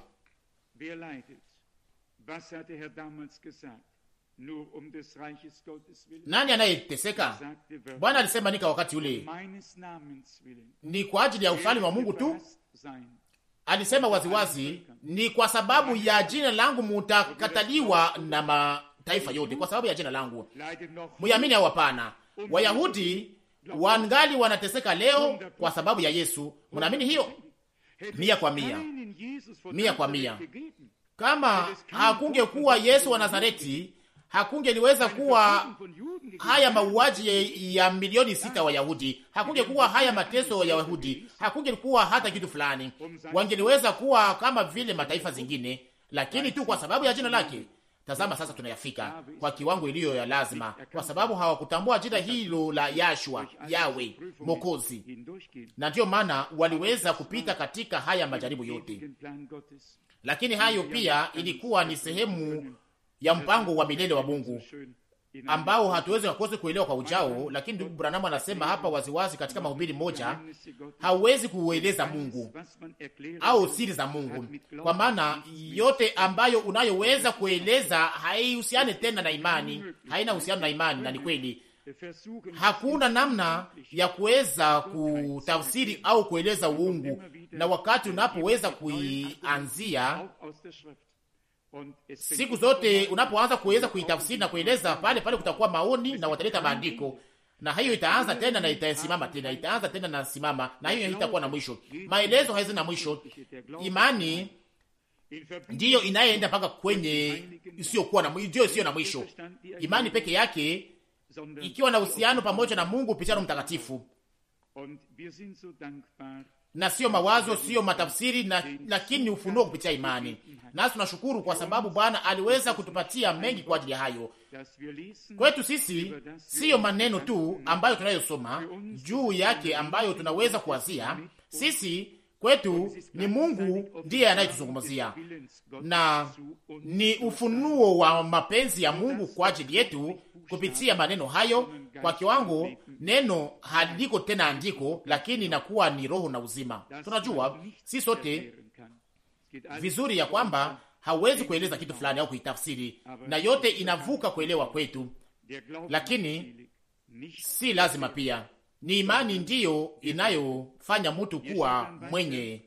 Speaker 2: Um Nani anayeteseka? Er Bwana alisema nika wakati um ule, ni kwa ajili ya ufalme wa Mungu tu alisema waziwazi, ni kwa sababu ya jina langu mutakataliwa na mataifa yote kwa sababu ya jina langu. Muyamini au hapana? Wayahudi wangali wanateseka leo kwa sababu ya Yesu. Mnaamini hiyo? Mia kwa mia, mia kwa mia. Kama hakungekuwa Yesu wa Nazareti hakungeliweza kuwa haya mauaji ya milioni sita Wayahudi, hakungekuwa haya mateso ya Wayahudi, kuwa hata kitu fulani. Um Wangeliweza kuwa kama vile mataifa zingine, lakini tu kwa sababu ya jina lake. Tazama sasa tunayafika kwa kiwango iliyo ya lazima, kwa sababu hawakutambua jina hilo la Yashua, Yawe Mokozi, na ndiyo maana waliweza kupita katika haya majaribu yote. Lakini hayo pia ilikuwa ni sehemu ya mpango wa milele wa Mungu ambao hatuwezi kakose kuelewa kwa ujao, lakini ndugu Branamu anasema hapa waziwazi katika mahubiri moja, hauwezi kueleza Mungu au siri za Mungu, kwa maana yote ambayo unayoweza kueleza haihusiani tena na imani, haina uhusiano na imani. Na ni kweli hakuna namna ya kuweza kutafsiri au kueleza uungu, na wakati unapoweza kuianzia siku zote unapoanza kuweza kuitafsiri na kueleza, pale pale kutakuwa maoni na wataleta maandiko, na hiyo itaanza tena na itasimama tena, itaanza tena na simama, na hiyo itakuwa na mwisho. Maelezo hayazi na mwisho. Imani ndiyo inayeenda mpaka kwenye isiyokuwa na ndio isiyo na mwisho. Imani peke yake ikiwa na uhusiano pamoja na Mungu kupitia Roho Mtakatifu na sio mawazo, sio matafsiri na, lakini ni ufunuo kupitia imani. Nasi tunashukuru kwa sababu Bwana aliweza kutupatia mengi kwa ajili ya hayo. Kwetu sisi siyo maneno tu ambayo tunayosoma juu yake, ambayo tunaweza kuwazia sisi. Kwetu ni Mungu ndiye anayetuzungumzia na ni ufunuo wa mapenzi ya Mungu kwa ajili yetu kupitia maneno hayo kwa kiwango neno haliko tena andiko, lakini inakuwa ni roho na uzima. Tunajua si sote vizuri ya kwamba hawezi kueleza kitu fulani au kuitafsiri, na yote inavuka kuelewa kwetu, lakini si lazima pia. Ni imani ndiyo inayofanya mtu kuwa mwenye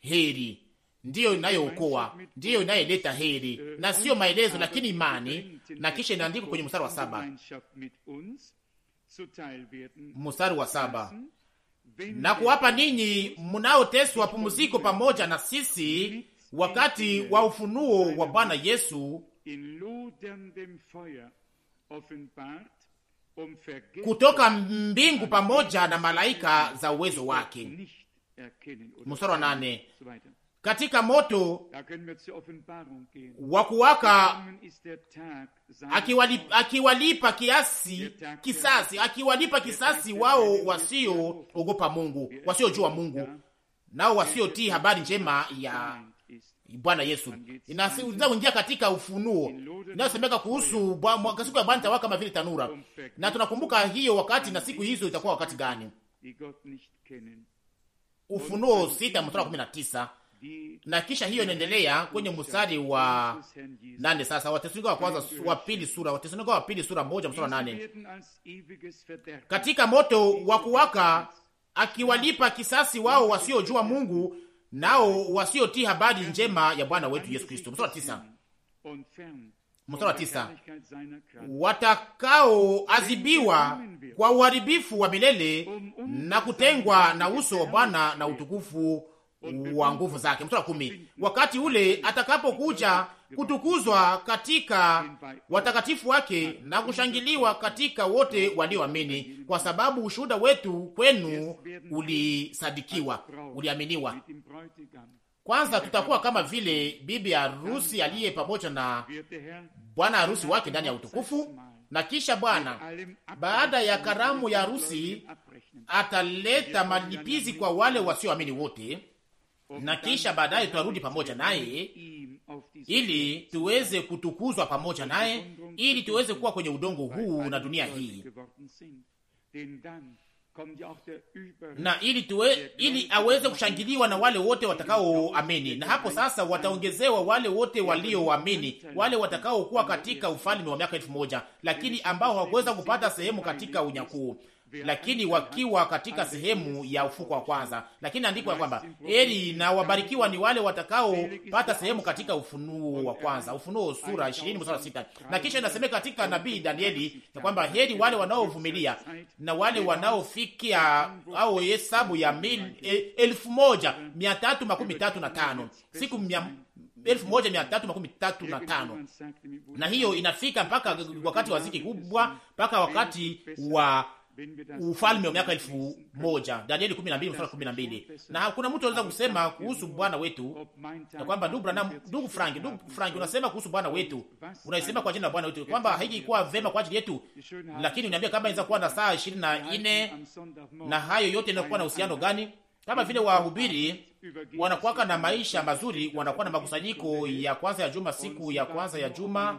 Speaker 2: heri, ndiyo inayookoa, ndiyo inayoleta heri, uh, na siyo maelezo, lakini imani. Na kisha inaandikwa kwenye mstari wa saba mstari wa saba na kuwapa ninyi mnaoteswa pumziko pamoja na sisi wakati wa ufunuo wa Bwana Yesu
Speaker 1: um kutoka
Speaker 2: mbingu pamoja na malaika za uwezo wake.
Speaker 1: Mstari wa nane
Speaker 2: katika moto
Speaker 1: wa kuwaka,
Speaker 2: akiwalipa, akiwalipa kiasi kisasi, akiwalipa kisasi wao wasioogopa Mungu, wasiojua Mungu, nao wasiotii habari njema ya Bwana Yesu. Inaweza kuingia katika ufunuo inayosemeka kuhusu siku ya Bwana itawaka kama vile tanura, na tunakumbuka hiyo wakati na siku hizo itakuwa wakati gani? Ufunuo sita mstari wa kumi na tisa na kisha hiyo inaendelea kwenye mstari wa nane. Sasa Wathesalonike wa kwanza wa pili sura Wathesalonike wa pili sura moja mstari wa nane, katika moto wa kuwaka akiwalipa kisasi wao wasiojua Mungu nao wasiotii habari njema ya Bwana wetu Yesu Kristo. Mstari wa tisa,
Speaker 1: mstari wa tisa,
Speaker 2: watakaoadhibiwa kwa uharibifu wa milele na kutengwa na uso wa Bwana na utukufu wa nguvu zake. Mstari wa kumi, wakati ule atakapokuja kutukuzwa katika watakatifu wake na kushangiliwa katika wote walioamini, kwa sababu ushuhuda wetu kwenu ulisadikiwa, uliaminiwa. Kwanza tutakuwa kama vile bibi harusi aliye pamoja na bwana harusi wake ndani ya utukufu, na kisha Bwana baada ya karamu ya harusi ataleta malipizi kwa wale wasioamini wote na kisha baadaye tuarudi pamoja naye ili tuweze kutukuzwa pamoja naye, ili tuweze kuwa kwenye udongo huu na dunia hii na ili tuwe, ili aweze kushangiliwa na wale wote watakaoamini. Na hapo sasa wataongezewa wale wote walioamini, wale watakaokuwa katika ufalme wa miaka elfu moja, lakini ambao hawakuweza kupata sehemu katika unyakuu lakini wakiwa katika sehemu ya ufuko wa kwanza. Lakini andiko ya kwamba heri na wabarikiwa ni wale watakaopata sehemu katika ufunuo wa kwanza, Ufunuo sura 20 mstari sita. Na kisha inasemeka katika nabii Danieli ya kwamba heri wale wanaovumilia na wale wanaofikia au hesabu ya mil, e- elfu moja mia tatu makumi tatu na tano siku mia elfu moja mia tatu makumi tatu na tano na hiyo inafika mpaka wakati wa ziki kubwa mpaka wakati wa ufalme wa miaka elfu moja Danieli 12 mstari 12. Na hakuna mtu anaweza kusema kuhusu Bwana wetu na kwamba ndugu Branham, ndugu Frank, ndugu Frank, unasema kuhusu Bwana wetu, unaisema kwa jina la Bwana wetu kwamba haikikuwa vema kwa ajili yetu, lakini uniambia kama inaweza kuwa na saa 24 na hayo yote inakuwa na uhusiano gani? kama vile wahubiri wanakuwaka na maisha mazuri, wanakuwa na makusanyiko ya kwanza ya juma, siku ya kwanza ya juma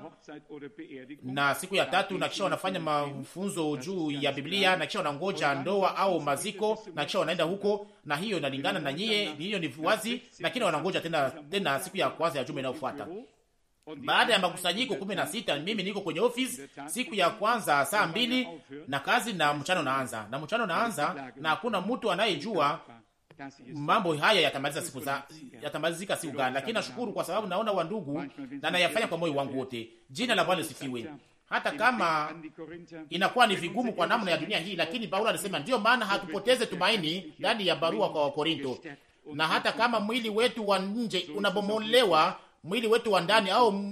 Speaker 2: na siku ya tatu, na kisha wanafanya mafunzo juu ya Biblia, na kisha wanangoja ndoa au maziko, na kisha wanaenda huko, na hiyo inalingana na nyie, hiyo ni wazi, lakini wanangoja tena tena siku ya kwanza ya juma inayofuata. Baada ya makusanyiko kumi na sita mimi niko kwenye ofisi siku ya kwanza saa mbili na kazi na mchana unaanza na mchana unaanza na hakuna mtu anayejua mambo haya yatamaliza siku za yatamalizika siku gani? Lakini nashukuru kwa sababu naona wandugu, na nayafanya kwa moyo wangu wote. Jina la Bwana lisifiwe. Hata kama inakuwa ni vigumu kwa namna ya dunia hii, lakini Paulo anasema ndiyo maana hatupoteze tumaini, ndani ya barua kwa Wakorinto. Na hata kama mwili wetu wa nje unabomolewa, mwili wetu wa ndani au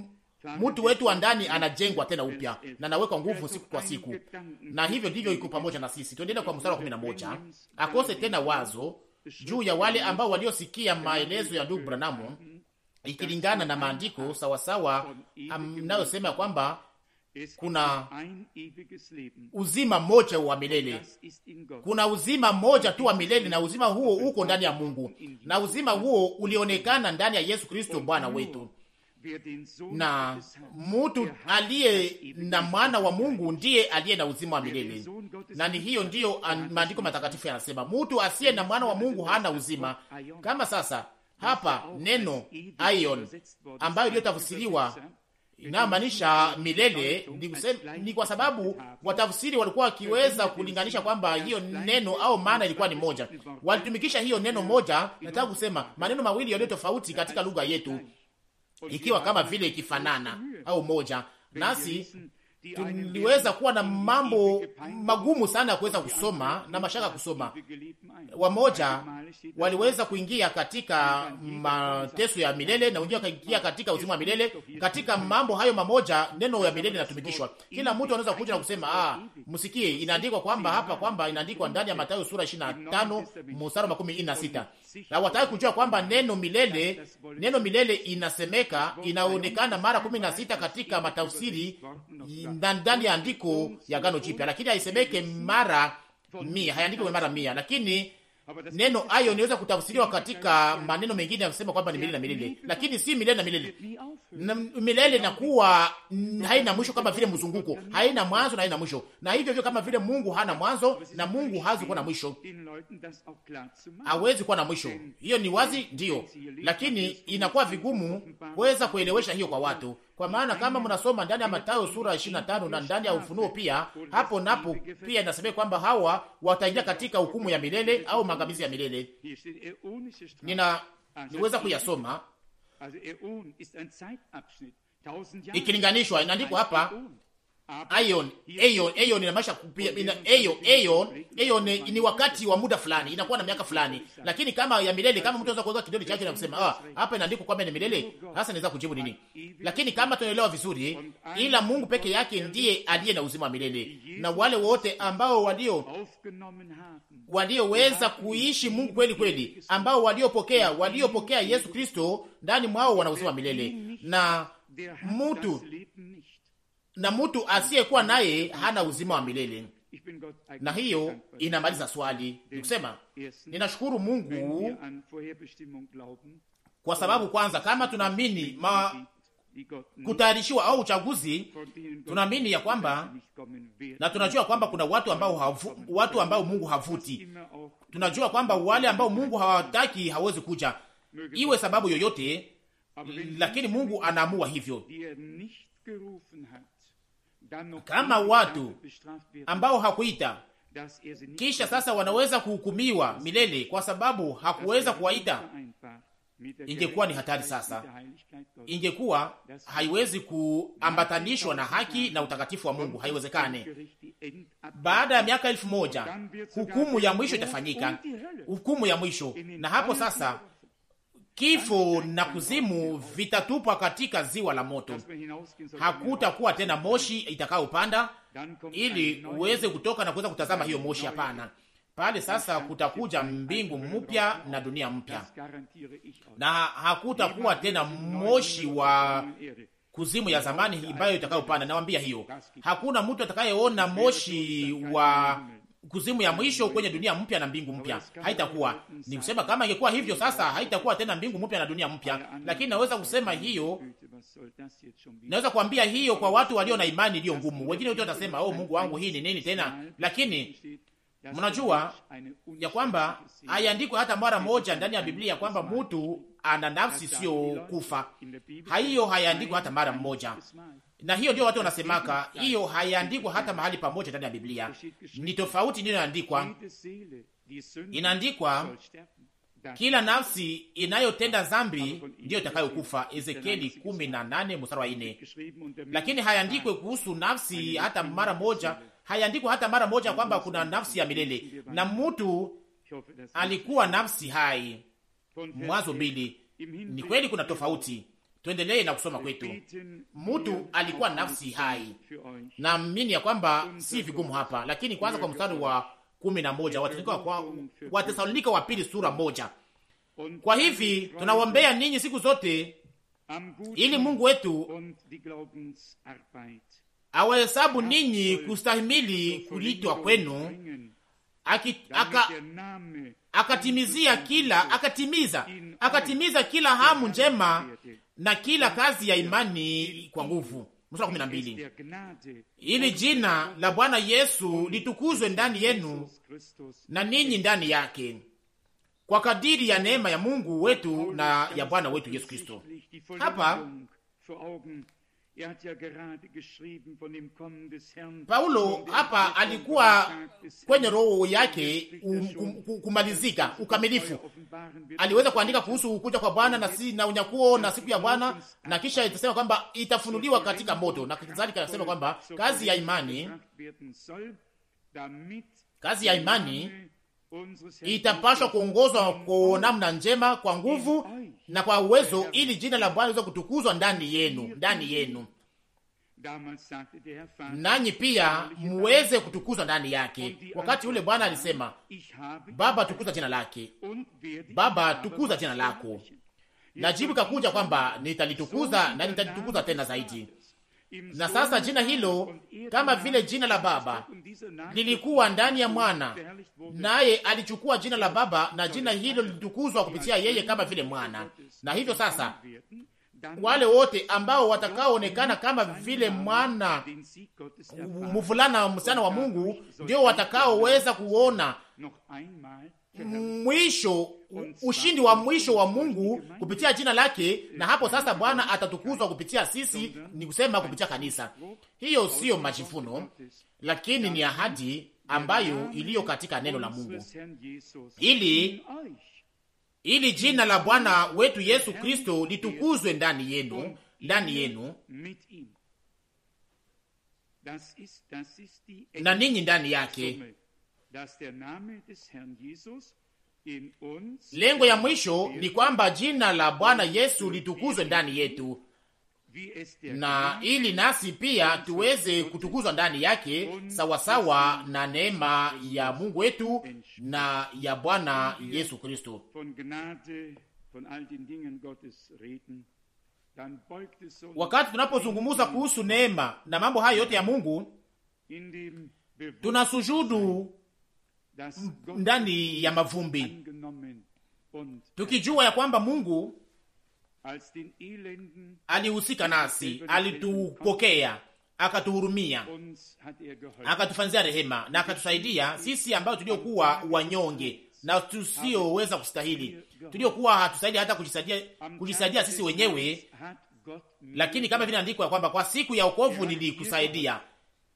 Speaker 2: mtu wetu wa ndani anajengwa tena upya na nawekwa nguvu siku kwa siku, na hivyo ndivyo iko pamoja na sisi. Tuendelee kwa mstari wa 11, akose tena wazo juu ya wale ambao waliosikia maelezo ya ndugu Branamu ikilingana na maandiko sawasawa, amnayosema ya kwamba kuna uzima mmoja wa milele, kuna uzima mmoja tu wa milele, na uzima huo uko ndani ya Mungu, na uzima huo ulionekana ndani ya Yesu Kristo Bwana wetu na mtu aliye na mwana wa Mungu ndiye aliye na uzima wa milele, na ni hiyo ndiyo maandiko matakatifu yanasema, mtu asiye na mwana wa Mungu hana uzima. Kama sasa hapa neno aion ambayo iliyotafsiriwa inayomaanisha milele ni, ni kwa sababu watafsiri walikuwa wakiweza kulinganisha kwamba hiyo neno au maana ilikuwa ni moja, walitumikisha hiyo neno moja. Nataka kusema maneno mawili yaliyo tofauti katika lugha yetu ikiwa kama vile ikifanana au moja, nasi tuliweza kuwa na mambo magumu sana ya kuweza kusoma na mashaka kusoma. Wamoja waliweza kuingia katika mateso ya milele na wengine wakaingia katika uzima wa milele. Katika mambo hayo mamoja, neno ya milele inatumikishwa. Kila mtu anaweza kuja na kusema ah, msikie, inaandikwa kwamba hapa, kwamba inaandikwa ndani ya Mathayo sura 25 mstari wa 16 na wataka kujua kwamba neno milele, neno milele inasemeka, inaonekana mara kumi na sita katika matafsiri ndani ya andiko ya gano Jipya, lakini haisemeke mara mia, hayandikiwe mara mia, lakini Neno ayo niweza kutafsiriwa katika maneno mengine yakusema kwamba ni milele na milele, lakini si milele na milele. Na milele inakuwa haina mwisho, kama vile mzunguko haina mwanzo na haina mwisho, na hivyo hivyo kama vile Mungu hana mwanzo na Mungu hawezi kuwa na mwisho, hawezi kuwa na mwisho. Hiyo ni wazi, ndiyo, lakini inakuwa vigumu kuweza kuelewesha hiyo kwa watu kwa maana kama mnasoma ndani ya Mathayo sura 25 na ndani ya Ufunuo pia, hapo napo pia inasemea kwamba hawa wataingia katika hukumu ya milele au maangamizi ya milele. Nina niweza kuyasoma
Speaker 1: ikilinganishwa, inaandikwa hapa
Speaker 2: Aion, Aion, Aion inamaanisha kupia ina Aion, Aion, Aion ni wakati wa muda fulani, inakuwa na miaka fulani. Lakini kama ya milele, kama mtu anaweza kuweka kidole chake na kusema ah, hapa inaandikwa kwamba ni milele, hasa naweza kujibu nini? Lakini kama tunaelewa vizuri, ila Mungu peke yake ndiye aliye na uzima wa milele, na wale wote ambao walio walioweza kuishi Mungu kweli kweli, ambao waliopokea waliopokea Yesu Kristo ndani mwao wana uzima wa milele na mtu na mtu asiyekuwa naye hana uzima wa milele. Na hiyo inamaliza swali, nikusema ninashukuru Mungu kwa sababu kwanza, kama tunaamini ma kutayarishiwa au uchaguzi, tunaamini ya kwamba na tunajua kwamba kuna watu ambao havu, watu ambao Mungu havuti. Tunajua kwamba wale ambao Mungu hawataki hawezi kuja, iwe sababu yoyote, lakini Mungu anaamua hivyo
Speaker 1: kama watu ambao hakuita er
Speaker 2: kisha sasa wanaweza kuhukumiwa milele kwa sababu er hakuweza kuwaita. Ingekuwa ni hatari sasa, ingekuwa er haiwezi kuambatanishwa na haki na utakatifu wa Mungu, haiwezekane. Baada ya miaka elfu moja hukumu ya mwisho itafanyika, hukumu ya mwisho, na hapo sasa Kifo na kuzimu vitatupwa katika ziwa la moto. Hakutakuwa tena moshi itakayopanda ili uweze kutoka na kuweza kutazama hiyo moshi. Hapana, pale sasa kutakuja mbingu mpya na dunia mpya, na hakutakuwa tena moshi wa kuzimu ya zamani ambayo itakayopanda. Nawambia hiyo, hakuna mtu atakayeona moshi wa kuzimu ya mwisho kwenye dunia mpya na mbingu mpya. Haitakuwa ni kusema kama ingekuwa hivyo sasa, haitakuwa tena mbingu mpya na dunia mpya, lakini naweza kusema hiyo, naweza kuambia hiyo kwa watu walio na imani iliyo ngumu. Wengine wote watasema oh, Mungu wangu, hii ni nini tena? Lakini mnajua ya kwamba haiandikwe hata mara moja ndani ya Biblia kwamba mtu ana nafsi siyo kufa, hiyo haiandikwi hata mara moja na hiyo ndio watu wanasemaka, hiyo haiandikwa hata mahali pamoja ndani ya Biblia. Ni tofauti ndiyo inaandikwa, inaandikwa kila nafsi inayotenda zambi ndiyo itakayokufa, Ezekieli kumi na nane mstari wa nne. Lakini hayandikwe kuhusu nafsi hata mara moja, hayandikwe hata mara moja kwamba kuna nafsi ya milele na mtu alikuwa nafsi hai. Mwanzo mbili. Ni kweli kuna tofauti Tuendelee na kusoma kwetu. Mtu alikuwa nafsi hai, naamini ya kwamba si vigumu hapa, lakini kwanza kwa mstari wa kumi na moja Watesalonika wa pili sura moja. Kwa hivi tunawaombea ninyi siku zote, ili Mungu wetu awahesabu ninyi kustahimili kulitwa kwenu, akatimizia kila akatimiza akatimiza kila hamu njema na kila kazi ya imani kwa nguvu. Mstari kumi na mbili, ili jina la Bwana Yesu litukuzwe ndani yenu na ninyi ndani yake kwa kadiri ya neema ya Mungu wetu na ya Bwana wetu Yesu Kristo. Hapa Er Paulo hapa alikuwa kwenye roho yake um- um- kumalizika ukamilifu. Aliweza kuandika kuhusu kuja kwa Bwana na, si, na unyakuo na siku ya Bwana, na kisha itasema kwamba itafunuliwa katika moto na kadhalika. Anasema kwamba kazi ya imani, kazi ya imani itapashwa kuongozwa kwa namna njema, kwa nguvu na kwa uwezo, ili jina la Bwana liweze kutukuzwa ndani yenu, ndani yenu nanyi pia muweze kutukuzwa ndani yake. Wakati ule Bwana alisema, Baba, tukuza jina lake, Baba, tukuza jina lako, na jibu kakuja kwamba nitalitukuza na nitalitukuza tena zaidi. Na sasa jina hilo kama vile jina la Baba lilikuwa ndani ya Mwana, naye alichukua jina la Baba na jina hilo lilitukuzwa kupitia yeye kama vile Mwana. Na hivyo sasa wale wote ambao watakaoonekana kama vile mwana mvulana msichana wa Mungu ndio watakaoweza kuona mwisho ushindi wa mwisho wa Mungu kupitia jina lake, na hapo sasa Bwana atatukuzwa kupitia sisi, ni kusema kupitia kanisa. Hiyo siyo majivuno, lakini ni ahadi ambayo iliyo katika neno la Mungu,
Speaker 1: ili
Speaker 2: ili jina la Bwana wetu Yesu Kristo litukuzwe ndani yenu, ndani yenu
Speaker 1: na ninyi ndani
Speaker 2: yake. Lengo ya mwisho ni kwamba jina la Bwana Yesu litukuzwe ndani yetu na ili nasi pia tuweze kutukuzwa ndani yake sawasawa na neema ya Mungu wetu na ya Bwana Yesu Kristo. Wakati tunapozungumuza kuhusu neema na mambo hayo yote ya Mungu, tunasujudu ndani ya mavumbi, tukijua ya kwamba Mungu alihusika nasi, alitupokea, akatuhurumia, er akatufanzia rehema na akatusaidia sisi ambayo tuliokuwa wanyonge na tusioweza kustahili, tuliokuwa hatusaidi hata kujisaidia, kujisaidia sisi wenyewe. Lakini kama vile andiko ya kwamba kwa siku ya wokovu er nilikusaidia,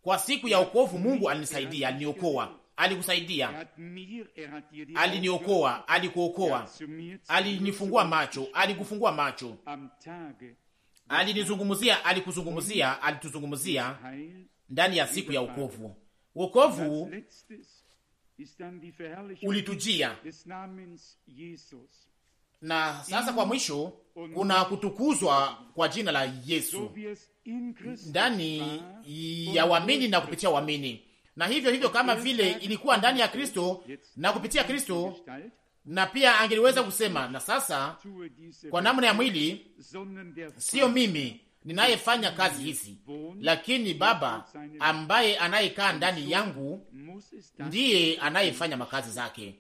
Speaker 2: kwa siku ya wokovu Mungu alinisaidia, er aliniokoa alikusaidia, aliniokoa, alikuokoa, alinifungua macho, alikufungua macho, alinizungumzia, alikuzungumzia, alituzungumzia ndani ya siku ya wokovu. Wokovu
Speaker 1: ulitujia
Speaker 2: na sasa kwa mwisho kuna kutukuzwa kwa jina la Yesu ndani ya wamini na kupitia wamini na hivyo hivyo kama vile ilikuwa ndani ya Kristo na kupitia Kristo, na pia angeliweza kusema na sasa, kwa namna ya mwili, sio mimi ninayefanya kazi hizi, lakini Baba ambaye anayekaa ndani yangu ndiye anayefanya makazi zake.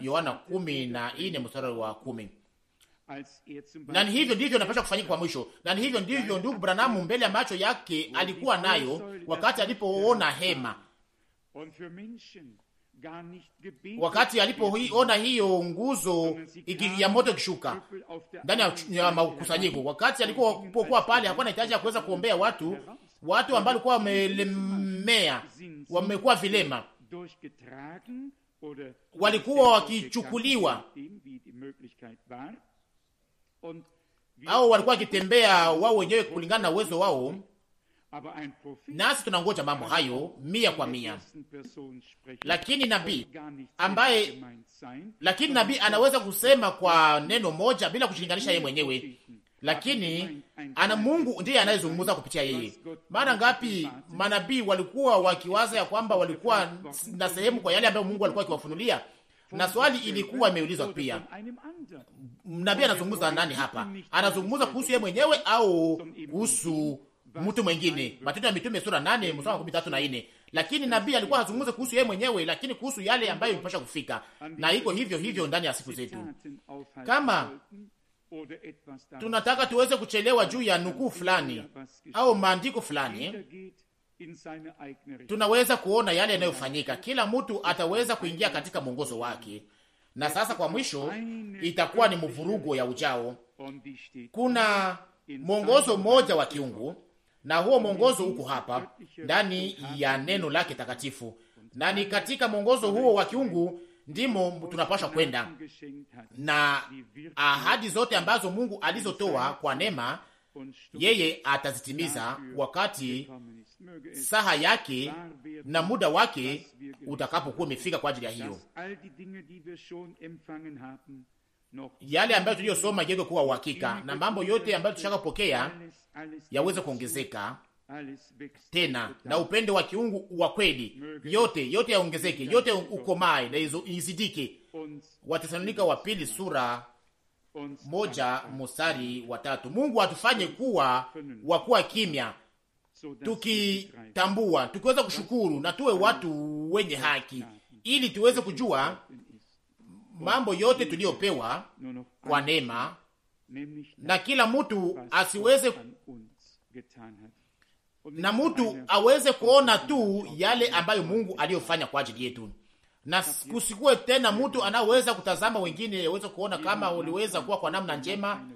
Speaker 2: Yohana kumi na ine mstari wa kumi. Na ni hivyo ndivyo napasha kufanyika kwa mwisho. Na ni hivyo ndivyo ndugu Branamu mbele ya macho yake alikuwa nayo wakati alipoona hema Wakati alipoona hiyo nguzo ya moto ikishuka ndani ya makusanyiko, wakati alipokuwa pale, hakuwa na hitaji ya kuweza kuombea watu, watu ambao walikuwa wamelemea, wamekuwa vilema, walikuwa wakichukuliwa au walikuwa wakitembea wao wenyewe kulingana na uwezo wao nasi tunangoja mambo hayo mia kwa mia, lakini nabii ambaye, lakini nabii anaweza kusema kwa neno moja bila kujilinganisha yeye mwenyewe, lakini ana Mungu ndiye anayezungumza kupitia yeye. Mara ngapi manabii walikuwa wakiwaza ya kwamba walikuwa na sehemu kwa yale ambayo Mungu alikuwa akiwafunulia, na swali ilikuwa imeulizwa pia, nabii anazungumza nani hapa? Anazungumza kuhusu yeye mwenyewe au kuhusu mtu mwengine. Matendo ya Mitume sura nane mstari wa kumi tatu na nne. Lakini nabii alikuwa azungumze kuhusu yeye mwenyewe, lakini kuhusu yale ambayo imepasha kufika, na iko hivyo hivyo ndani ya siku zetu. Kama tunataka tuweze kuchelewa juu ya nukuu fulani au maandiko fulani, tunaweza kuona yale yanayofanyika. Kila mtu ataweza kuingia katika mwongozo wake. Na sasa kwa mwisho, itakuwa ni mvurugo ya ujao. Kuna mwongozo mmoja wa kiungu na huo mwongozo uko hapa ndani ya neno lake takatifu, na ni katika mwongozo huo wa kiungu ndimo tunapashwa kwenda, na ahadi zote ambazo Mungu alizotoa kwa neema, yeye atazitimiza wakati saha yake na muda wake utakapokuwa umefika kwa ajili ya hiyo yale ambayo tuliyosoma yaweze kuwa uhakika na mambo yote ambayo tushaka kupokea yaweze kuongezeka tena, na upendo wa kiungu wa kweli yote yote yaongezeke, yote ukomae na izidike. Watesalonika wa pili sura moja mstari wa tatu. Mungu atufanye kuwa wakuwa kimya, tukitambua tukiweza kushukuru na tuwe watu wenye haki, ili tuweze kujua mambo yote tuliyopewa kwa neema, na kila mtu asiweze na mtu aweze kuona tu yale ambayo Mungu aliyofanya kwa ajili yetu, na kusikuwe tena mtu anaweza kutazama wengine, aweze kuona kama uliweza kuwa kwa namna njema.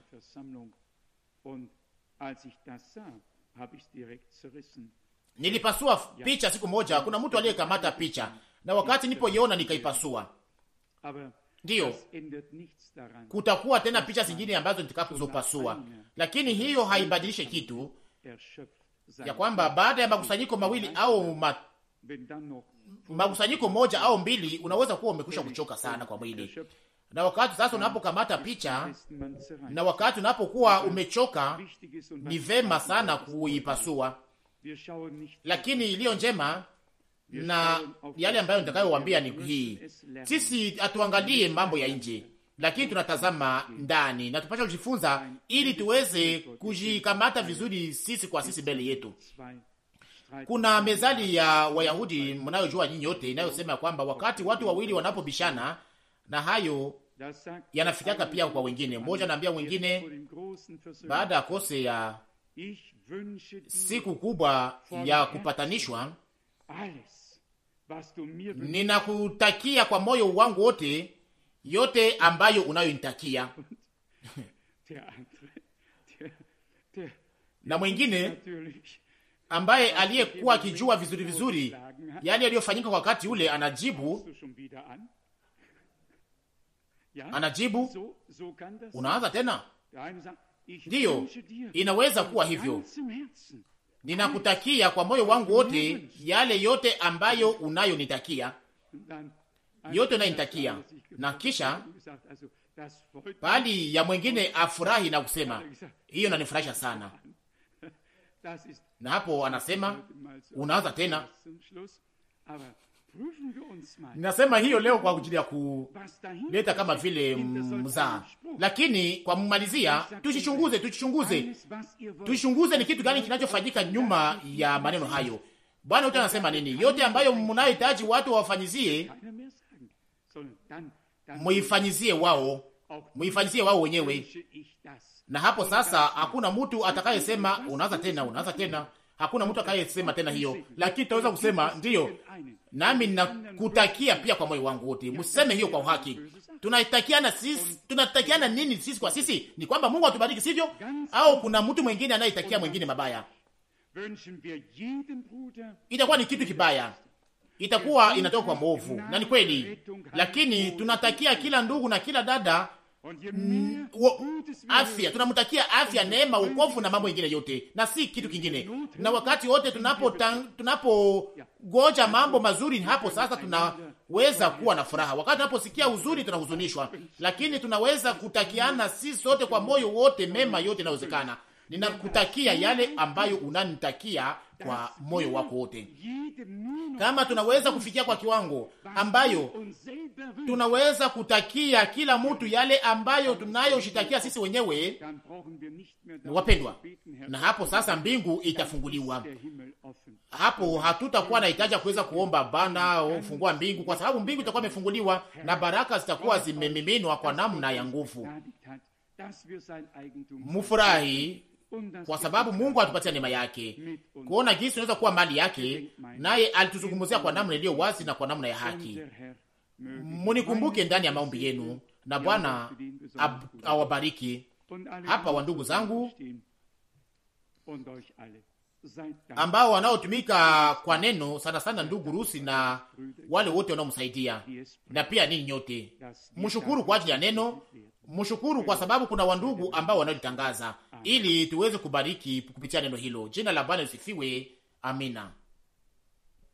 Speaker 2: Nilipasua picha siku moja, kuna mtu aliyekamata picha, na wakati yona nikaipasua Ndiyo, kutakuwa tena picha zingine ambazo nitakazopasua, lakini hiyo haibadilishe kitu ya kwamba baada ya makusanyiko mawili au ma... makusanyiko moja au mbili, unaweza kuwa umekwisha kuchoka sana kwa mwili, na wakati sasa unapokamata picha na wakati unapokuwa umechoka, ni vema sana kuipasua, lakini iliyo njema na yale ambayo nitakayowaambia ni hii: sisi hatuangalie mambo ya nje, lakini tunatazama ndani na tupasha kujifunza, ili tuweze kujikamata vizuri sisi kwa sisi mbele yetu. Kuna mezali ya Wayahudi mnayojua nyinyi yote inayosema kwamba wakati watu wawili wanapobishana, na hayo yanafikaka pia kwa wengine, mmoja anaambia mwingine baada ya kose ya siku kubwa ya kupatanishwa ninakutakia kwa moyo wangu wote yote ambayo unayonitakia. na mwingine ambaye aliyekuwa akijua vizuri vizuri yale yaliyofanyika kwa wakati ule, anajibu anajibu,
Speaker 1: unaanza tena? Ndiyo, inaweza kuwa hivyo
Speaker 2: ninakutakia kwa moyo wangu wote yale yote ambayo unayonitakia, yote unayonitakia. Na kisha bali ya mwengine afurahi na kusema hiyo nanifurahisha sana, na hapo anasema unaanza tena
Speaker 1: Nasema hiyo
Speaker 2: leo kwa ajili ya
Speaker 1: kuleta
Speaker 2: kama vile mzaa, lakini kwa mmalizia, tuchichunguze, tuchichunguze, tuchichunguze ni kitu gani kinachofanyika nyuma ya maneno hayo. Bwana yote anasema nini? Yote ambayo mnahitaji watu wawafanyizie, muifanyizie wao, muifanyizie wao wenyewe. Na hapo sasa hakuna mtu atakayesema unaanza tena, unaanza tena hakuna mtu akayesema tena hiyo, lakini tutaweza kusema ndiyo, nami nakutakia pia kwa moyo wangu wote. Mseme hiyo kwa uhaki. Tunatakiana sisi, tunatakiana nini sisi kwa sisi? Ni kwamba Mungu atubariki, sivyo? Au kuna mtu mwingine anayetakia mwingine mabaya? Itakuwa ni kitu kibaya, itakuwa inatoka kwa mwovu, na ni kweli. Lakini tunatakia kila ndugu na kila dada
Speaker 1: Mm,
Speaker 2: afya, tunamtakia afya, neema, wokovu na mambo mengine yote, na si kitu kingine. Na wakati wote tunapogoja mambo mazuri, hapo sasa tunaweza kuwa na furaha. Wakati tunaposikia huzuni, tunahuzunishwa, lakini tunaweza kutakiana si sote kwa moyo wote mema, yote inawezekana. Ninakutakia yale ambayo unanitakia kwa moyo wako wote, kama tunaweza kufikia kwa kiwango ambayo tunaweza kutakia kila mtu yale ambayo tunayoshitakia sisi wenyewe, wapendwa, na hapo sasa mbingu itafunguliwa. Hapo hatutakuwa na hitaji ya kuweza kuomba Bwana fungua mbingu, kwa sababu mbingu itakuwa imefunguliwa na baraka zitakuwa zimemiminwa kwa namna ya nguvu.
Speaker 1: Mufurahi kwa
Speaker 2: sababu Mungu alitupatia neema yake kuona jinsi tunaweza kuwa mali yake, naye alituzungumzia kwa namna iliyo wazi na kwa namna ya haki. Munikumbuke ndani ya maombi yenu, na Bwana awabariki. Hapa wandugu zangu ambao wanaotumika kwa neno sana sana, ndugu Rusi na wale wote wanaomsaidia, na pia ninyi nyote mshukuru kwa ajili ya neno, mshukuru kwa sababu kuna wandugu ambao wanaolitangaza ili tuweze kubariki kupitia neno hilo. Jina la Bwana lisifiwe. Amina.